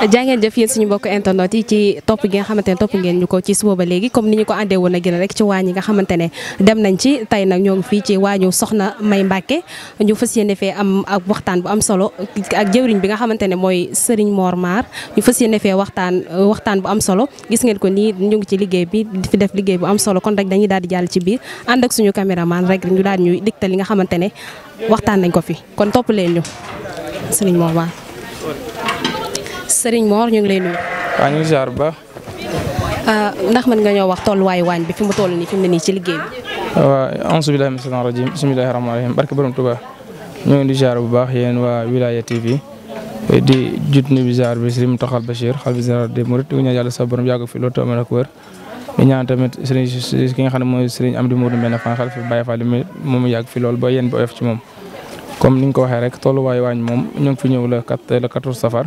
Ah. jaa ngeen jëf yéen suñu mbokk internet yi ci topp gi nga xamante ne topp ngeen ñu ko ci suba ba léegi comme ni ñu ko àndee woon ak yéen rek ci ne dem nañ ci tey nag ñoo fii ci waañu soxna May Mbàkke ñu fas yéene fee am ak waxtaan bu am solo ak jëwriñ bi nga xamante ne mooy Serigne Mor Mar ñu fas yéene waxtaan waxtaan bu am solo gis ngeen ko nii ñu ngi ci liggéey bi fi def liggéey bu am solo kon rek dañuy daal di jàll ci biir ànd ak suñu caméraman rek ñu daal ñuy digtal li nga xamante ne waxtaan nañ ko fi kon topp leen ñu Serigne Mor Mar Serigne moo ñu ngi lay nuyu. waaw ñu ngi ziar bu baax. Ah, ndax mën nga ñoo wax tolluwaayu waañ bi fi mu toll nii fi mu ne nii ci liggéey bi. waaw auzu billaahi mina shaytaani rajiim bismillaahi di ziar bu baax yéen waa Wilaya TV di jut ni bi ziar bi Serigne Mountakha Bachir xalifa général des mourides ñu ñaan yàlla sa borom yàgg fi loolu te amal ak wér. di ne mooy sëriñ Amady Mourou Mbène Fall xalifa Baye Fall fi lool ba yéen bi oyof ci moom comme ni nga ko waxee rek tolluwaayu waañ moom ñu ngi fi ñëw le 14 safar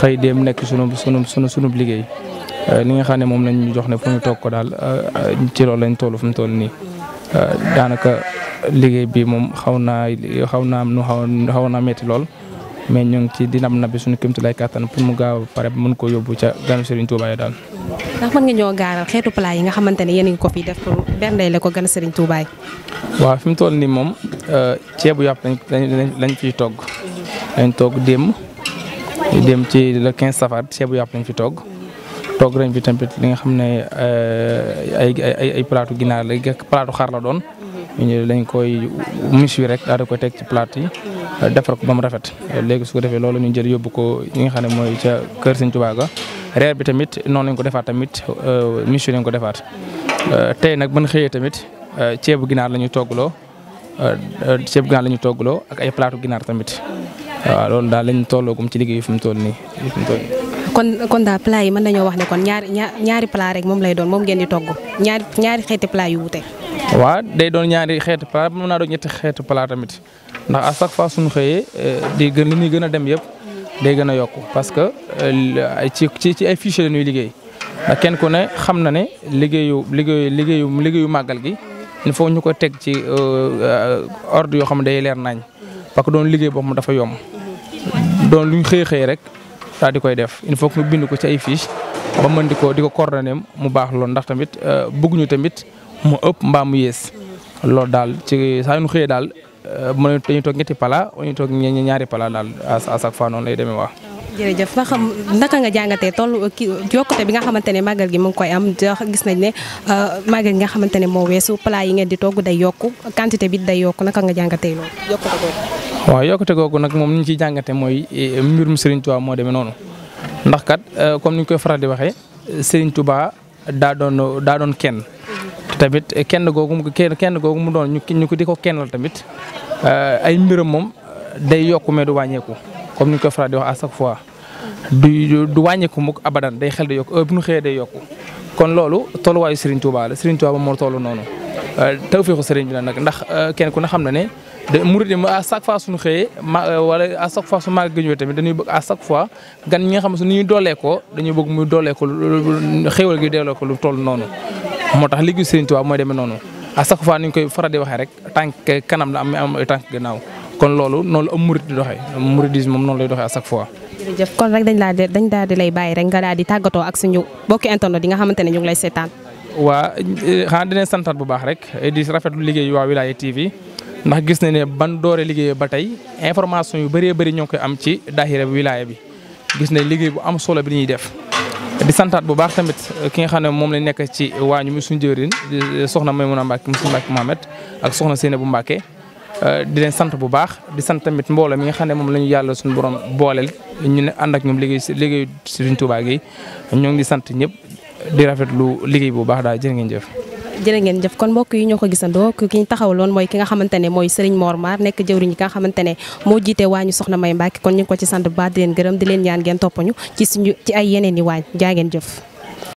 xëy dem nekk sunu sunu sunu sunu liggéey euh, li nga xam ne moom lañ ñu jox ne fu ñu toog ko daal euh, ci loolu lañ toll fu mu toll nii euh, daanaka liggéey bi moom xaw naa xaw naa nu xaw naa metti lool. mais ñu ngi ci dina am suñu kéemtu lay kàttan pour mu gaaw pare mën koo yóbbu ca ganu Serigne Touba yi daal. ndax xeetu plat yi nga xamante ne yéen ngi ko fi def pour bernde ko gan Serigne Touba waaw fi mu toll nii moom ceebu yàpp lañ lañ lañ fiy togg. lañ togg démb dem ci le 15 safar ceebu yàpp lañ fi toog toog nañ fi tamit li nga xam ne eh, ay ay ay plaatu ginaar la plaatu xar la doon. lañ mm-hmm. koy mis wi rek daal di koy teg ci plate yi. Mm-hmm. defar ko ba mu rafet. léegi su ko defee loolu ñu jël yóbbu ko ñi ngi xam ne mooy ca Kër Sëñ Tuubaa ga reer bi tamit noonu lañ ko defaat tamit eh, mis wi lañ ko defaat. Eh, tey nag ban xëyee tamit ceebu ginaar la ñu toggloo ceebu ginaar la ñu toggloo ak ay palaatu ginaar tamit. waaw loolu daal lañ tolloogum ci liggéey fi mu toll nii kon kon daal plat yi mën nañoo wax ne kon ñaari ñaari plat rek moom lay doon moom ngeen di togg ñaari ñaari xeeti plat yu wute. waaw day doon ñaari xeeti plat mën naa ñetti xeeti plat tamit ndax à chaque fois suñu xëyee eh, di gën li ñuy gën a dem yëpp day gën a yokk parce que eh, ci ci ci ay fiches la liggéey kenn ku ne xam na ne liggéeyu liggéeyu liggéeyu liggéeyu màggal gi il faut ñu ko teg ci euh, euh, ordre yoo xam ne day leer nañ parce que doon liggéey boo boobu dafa yomb. doon lu ñu xëy xëy rek daal di koy def il faut que bind ko ci ay fiche ba mën di ko di ko coordonné mu baax loolu ndax tamit euh, bëgguñu tamit mu ëpp mbaa mu yées loolu daal ci saa yu ñu xëyee daal euh, mën toog ñetti pala dañuy toog ñaari pala daal à chaque noonu lay demee waa jërëjëf ba naka nga jàngatee toll ki jokkute bi nga xamante ne màggal gi mu ngi koy am gis nañ ne euh, màggal gi nga xamante ne moo weesu plat yi ngeen di togg day yokk quantité bi day yokk naka nga jàngatee loolu waaw yokkute googu nag moom ni ñu ciy jàngate mooy e, mbirum Serigne Touba moo demee noonu ndax kat e, comme ni ñu koy faral di waxee Serigne Touba daa doon daa kenn. tamit kenn googu mu kenn googu mu doon ñu ko di ko kennal tamit e, ay mbiram moom day yokk mais du wàññeeku comme ni ñu koy faral di wax à chaque fois. du du wàññeeku mukk abadan day xel di yokku heure bu ñu xëyee day yokk kon loolu tolluwaayu Serigne Touba la Serigne Touba moo toll noonu. Euh, tawféexu sëriñ bi la nag ndax euh, kenn ku ne xam na ne de murid yi à chaque fois suñu xëyee ma euh, wala à chaque fois su dooleekoo dañuy bëgg muy dooleeko xéewal gi delloo ko lu toll noonu moo tax liggéeyu sëriñ Tuubaa mooy demee noonu à chaque fois ni koy faral di waxee rek tànk kanam la am am tànk gannaaw kon loolu noonu la am murid di doxee muridisme moom noonu lay doxee à chaque fois kon rek dañ daal di lay bàyyi rek nga daal di tàggatoo ak suñu ñu ngi lay seetaan waa xanaa dinañ santaat bu baax rek di rafetlu liggéey waa Wilaya TV ndax gis na ne ban doore liggéey ba tey information yu bëree bëri ñoo koy am ci daahira wilaya bi gis nañ liggéey bu am solo bi ñuy def. di santaat bu baax tamit ki nga xam ne moom lañ nekk ci waañu mi suñu jëwriñ soxna Maymuna Mbacke Moussa Mbacke Mohamed ak soxna Seyna bu Mbacke di sant bu baax di sant tamit mbooloo mi nga xam ne moom la ñu yàlla suñu borom booleel ñu ne ànd ak ñoom liggéey si liggéey Sëriñ Tuubaa gi ñoo di sant ñëpp di lu liggéey bu baax daal jërë ngeen jëf. jërë ngeen jëf kon mbokk yi ñoo ko gisandoo ki ñu taxawaloon mooy ki nga xamante ne mooy Serigne Mor Mar nekk jëwriñ ki nga xamante ne moo jiite waañu soxna May Mbacke kon ñu ko ci sant baa baax di leen gërëm di leen ñaan ngeen topp ñu ci suñu ci ay yeneen i waañ jaa ngeen jëf